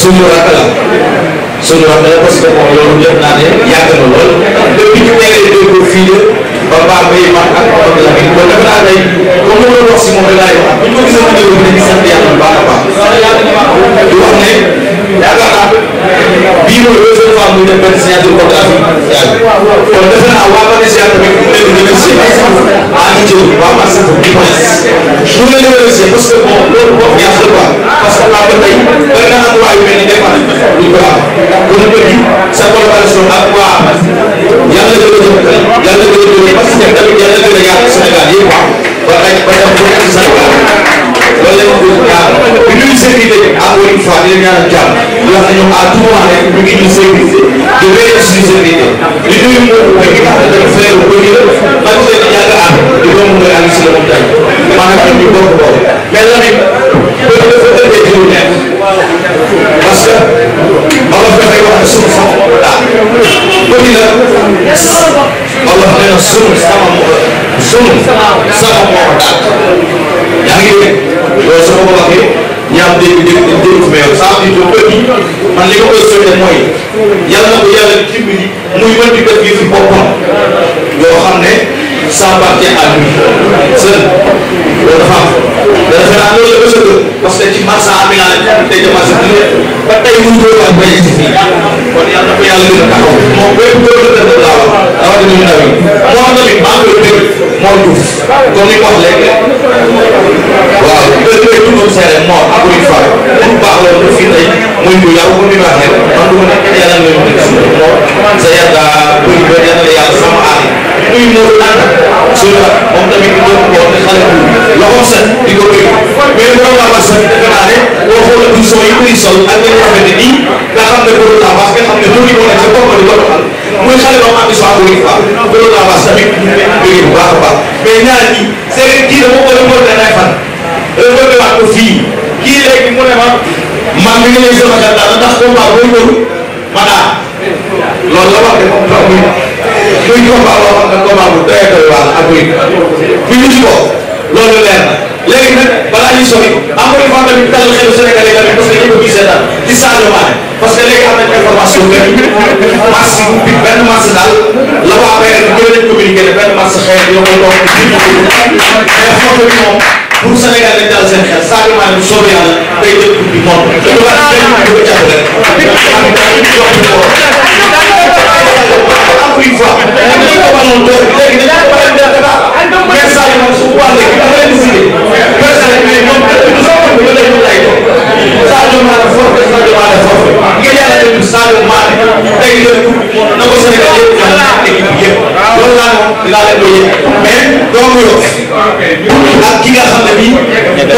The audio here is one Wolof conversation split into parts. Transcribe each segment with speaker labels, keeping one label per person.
Speaker 1: suñu rakk la suñu rakk la parce que bon loolu jot naa ne yàgg na lool depuis ñu nekkee dégg ko fii la ba baax bay man ak Maodo Lamine kon def naa tey comme loolu wax si moom rek laay wax bu ñu ko gisee mu jógee dañuy sant yàlla bu baax a baax di wax ne yaakaar naa bii mooy deuxième fois muy dem benn signature contrat bi kon defe naa waa Malaysia tamit ñu leen di remercier jël waa marché bu du pour nga ñëw remercier parce que bon loolu boo ko yàqal quoi parce que laa ba tey bëri na am waa yu mel ni des fois duñ ko am bu ñu bëgg sa collaboration ak waa yàlla gën a jëm yàlla gën a jëm parce que tamit yàlla gën a yàq Sénégal yi quoi ba tey ba dem ba nekk Sénégal loolu la ñu gën a ñaar bi ñuy sécurité encore une fois di leen ñaanal jàmm yoo xam ne ñoom à tout moment rek ñu ngi ñuy sécuriser di wéyal suñu sécurité di nuyu mooy ki nga xam ne frère bu bëri la man seen yàgg am di doomu mooy Aliou Sy la Montagne maanaam ñu bokk bokk mais Lamine bëri na fa ëllëgee jiw nekk parce que olof dafay wax ne suñu sama moo daa bëri na olof nee na suñu sama moo suñu sama moo daa yaa ngi dégg loolu su ma ko waxee ñaar dégg dégg dégg dégg fa yow saa bii doo bëri man li ma koy soññee mooy yàlla na ko yàlla dimbali muy mën di def yëfi boppam yoo xam ne. ça appartient à lui seul loolu dafa am mais defe naa loolu la ko sëgg parce que ci marsa am naa la tey jamono bi ba tey mu ngi doon bay ci fii kon yàlla dafa yàlla gën a taxaw moom bépp góor la dëgg laa wax rawatina ñu nawet moom tamit maa ngi koy dégg moo duuf comme ni wax léegi waaw kër kër tuddum seere moo ak une fois pour baax la woon fii tey muy bu yàlla bu ñu waxee man du ma nekk yàlla nga ñu nekk moo sa yàlla bëri ba yàlla yàlla sama aar muy moo ànd suuna moom tamit ñu doon ko te xale bu loxoom set di ko bëgg mais borom laa sax defe naa ne boo xoolee position yi muy sol ak nga xam ne nii nga xam ne borom laa baax nga xam ne tuuti moo nekk sa bopp di ko doxal muy xale ba mu am histoire bu nekk baax borom laa baax tamit ñu bëgg bu baax a baax mais ñaar ñii c'est kii dama ko demoon da ngay fan remonté waat ko fii kii léegi mu ne ma man mi ngi lay sama xel daal ndax combat booy wër ma daal ah, loolu la wax de moom muy combat boo xam ne combat bu doy doy waar ak muy finish ko loolu leer na léegi nag balaa ñuy sori encore une fois tamit dalal xelu Sénégalais tamit parce que ñëpp a ngi seetaan di Sadio Mané parce que léegi am nañ information benn masse bi benn masse daal la waa APR ñoo leen communiqué ne benn masse xëy na ñoo koy doon ci mais photo bi moom pour Sénégal dañ daal seen xel Sadio Mané bu soobee yàlla day jël coupe du monde. Ah.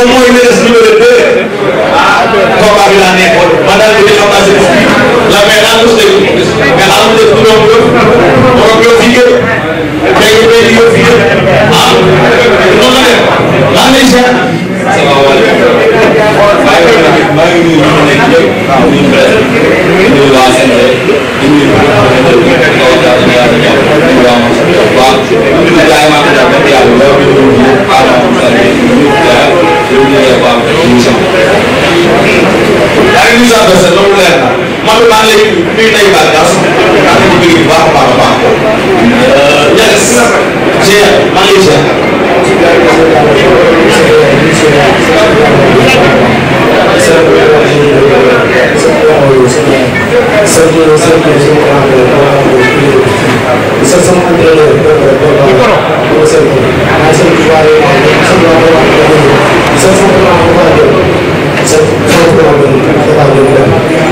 Speaker 1: moom mooy ministre numéro deux combat bi laa nekkoon ma daal di xam naa si la mais daal mos dégg mais daal mos dégg liggéey bu baax a baax a baax ñagas géer maa ngi géer Thank you.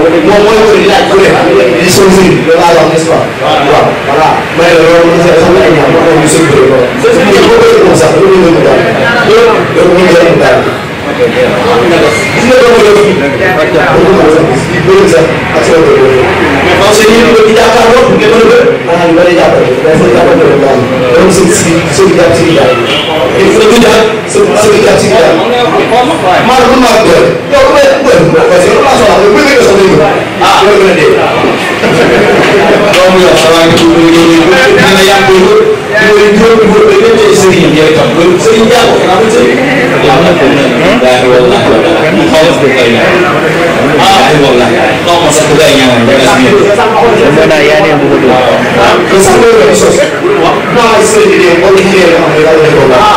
Speaker 1: moom mooy wër di laaj ku ne di sëñ bi loolu laa wax n'est-ce pas. waaw voilà may la loolu mos a xam ne ay ñaar moo tax ñu sëñ bi loolu. boo ko comme ça dafa mën a daal. donc ñu jël daal. gis nga doomu yow fii. doomu yow sax gis nga sax ak sa bopp yow. mais parce que yéen ñëpp di jàppal woon nga mën a bëri. maanaam nga lay jàppale dafa jàppal loolu daal. donc sëñ si sëñ jàpp si daal. il faut que ñu daal
Speaker 2: sëñ sëñ jàpp si daal.
Speaker 1: maanaam mën naa ko doole. yow bu dee bu dee parce que relation la dégg ah loolu la dégg doomu yor sa waa ngi tudd ñu ñu ne yaa ngi ko ñu ne ñu ko ñu ne sëriñ bi tam loolu sëriñ jàpp naa ko sëriñ. waaw nag kon nag daal wallaahi wallaahi xaw ma koy ñaan ah wallaahi xaw ma sax koy ñaan ba la ñu. dama naa yaa ne bu ko dugg. waaw te sax loolu la sos. waaw maa sëriñ bi de boo ko jëlee dama xam ne daal la ko baax.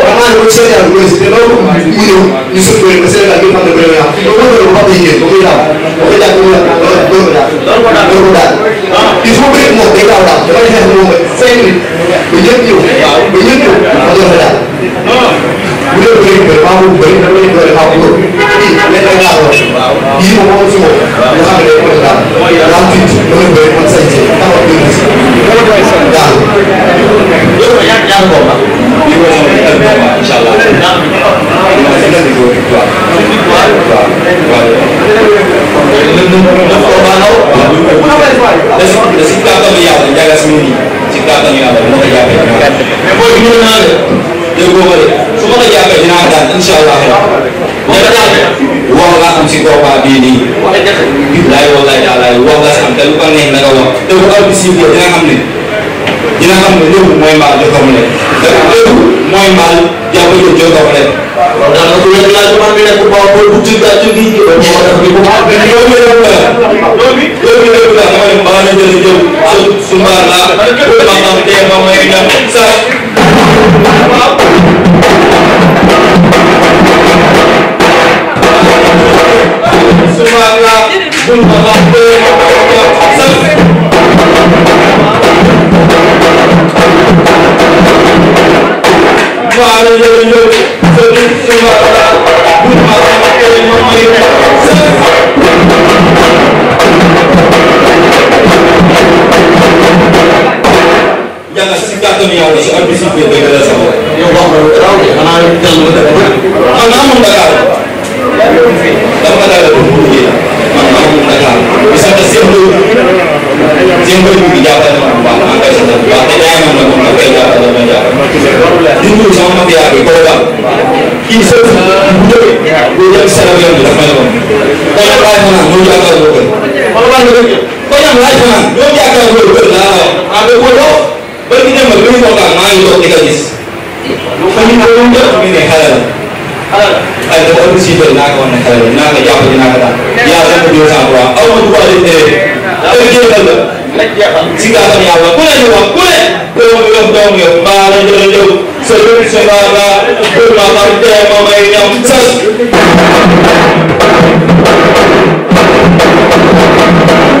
Speaker 1: naa ne bu Sénégal bu weesu te loolu mu ñëw ñu sukkandiku ba Sénégal bi xam ne bu yàqu ba mu doon ba mu yéen ba muy daal ba muy daal ba muy daal ba muy daal loolu daal il faut que moom day gaaw daal dafay xeex moom ba cinq minutes ba ñëpp ñëw ba ñëpp ñëw ma doon fa daal bu dee bëri bëri maa ngi bëri dama leen bëri maa ngi bëri kii leen rek laa doon yii moom moom si moom nga xam ne day bëri daal daal tiit dama bëri man sañ si taxaw ak bëri si daal yow yaa yaa ko ma li ko moom itam ko ma incha allah naa ma si leen di góor waaw waaw waaw waaw lëndëm lëndëm ko maanaw waaw da si da si kàttan yàlla njaaga si nii si kàttan yàlla moo ko yàlla mais booy bi ñëw naa la déggoo ma de su ma la jàppee dinaa daan incha allah wax laa am si combat bii nii. billaay wallaay taalaay wax laa si am te lu ko neex na nga wax te bu am si biir dina xam ne dina xam ne lépp mooy mbaal jokkoo mu ne te lépp mooy mbaal jàpp jël jokkoo mu ne. waaw daanaka su ñu laaj man mi nekk bu baax bu tudd daal ci biir bi. loolu lépp la mooy mbaal la jëlee jël su mbaal la pour ma am tey moom mooy ñam sax. Subhanallah, Subhanallah. fanaan ñoom yaakaar loolu bëri naa la wax ah mais boo doo bëri ñu dem ba bi ñu kontaan maa ngi toog di ko gis. ma ñu doon def ñu ne xelal ay dafa am si bëri naa ko wax ne xelal naa ko jàpp dinaa ko daal yaa sama deux cent trois aw ma trois de télé heure jeexal la si gàttam yàlla ku ne ñu wax ku ne doom yow doom yow mbaa la jërëjëf sa yóbbu sa mbaa la pour ma ma dee ma may ñam sas Thank you.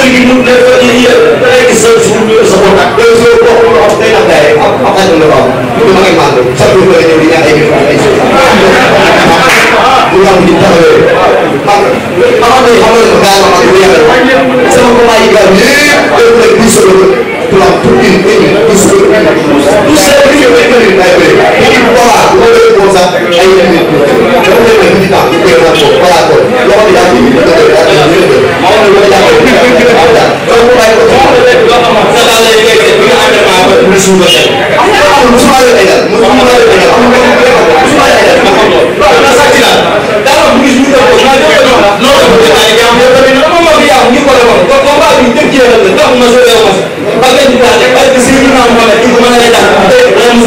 Speaker 1: kër gi ñu ne fa ñu yéen da ngay gis sa suuf sa kontaan. day soo bokk loo xam day am daay am am xaj na waaw. ñu ma ngay mànd chaque jour lay ñëw di ñaan ay nit ay suuf. bu ñu am di taxawee. xam nga xam nga xam nga daal ma du yàlla sama commande yi daal yëpp day mën a gis sa bopp pour am pour une une gis sa bopp. tout ce qui est béykat yi day béy. la ay yëngu loolu mooy li ñu tax ñu koy naan foofu voilà kon loxo bi daal di ñu dëgër daal di ñu dëgër maa ngi leen di jàppale ñu daal di ñu daal donc bàyyi ko sama bopp. sa daal lay fekk bi nga amee maa ba mu suuf ba set. amul musuma leen ay daal musuma leen ay daal amul benn benn musuma leen ay daal ma xam loolu. loolu la sàcc naa dara bu gis ñu def ko maa def ko noonu. loolu bu dee ay jaam yow tamit dama ma fi yaaw ñu ko defoon kon comme waa bi dëkk yéen la tax ma soo yow ma parce que ñu daal parce que si ñu naan moo ne ci mën a daal te dama mu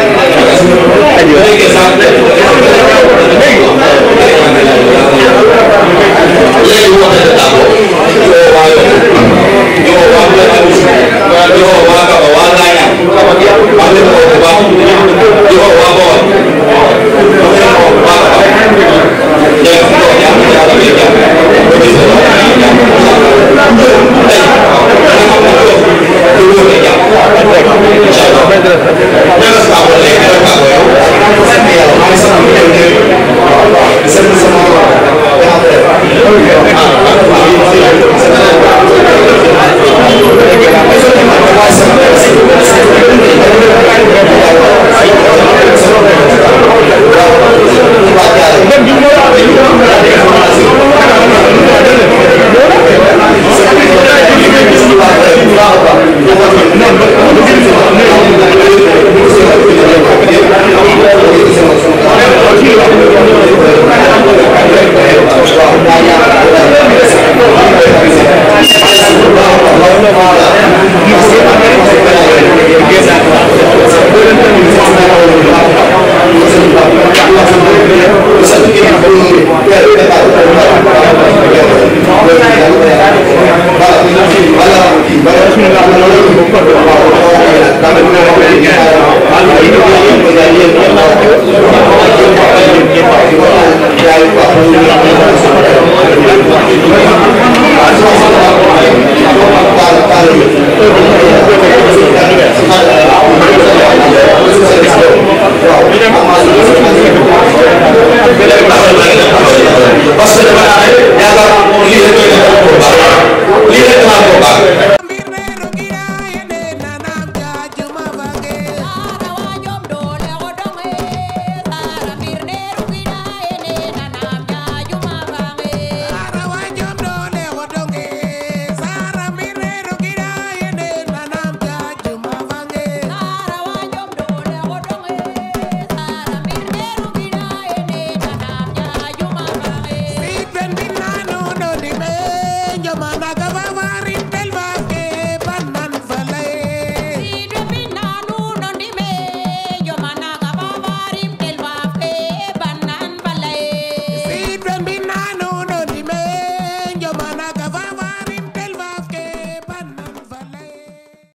Speaker 1: aja.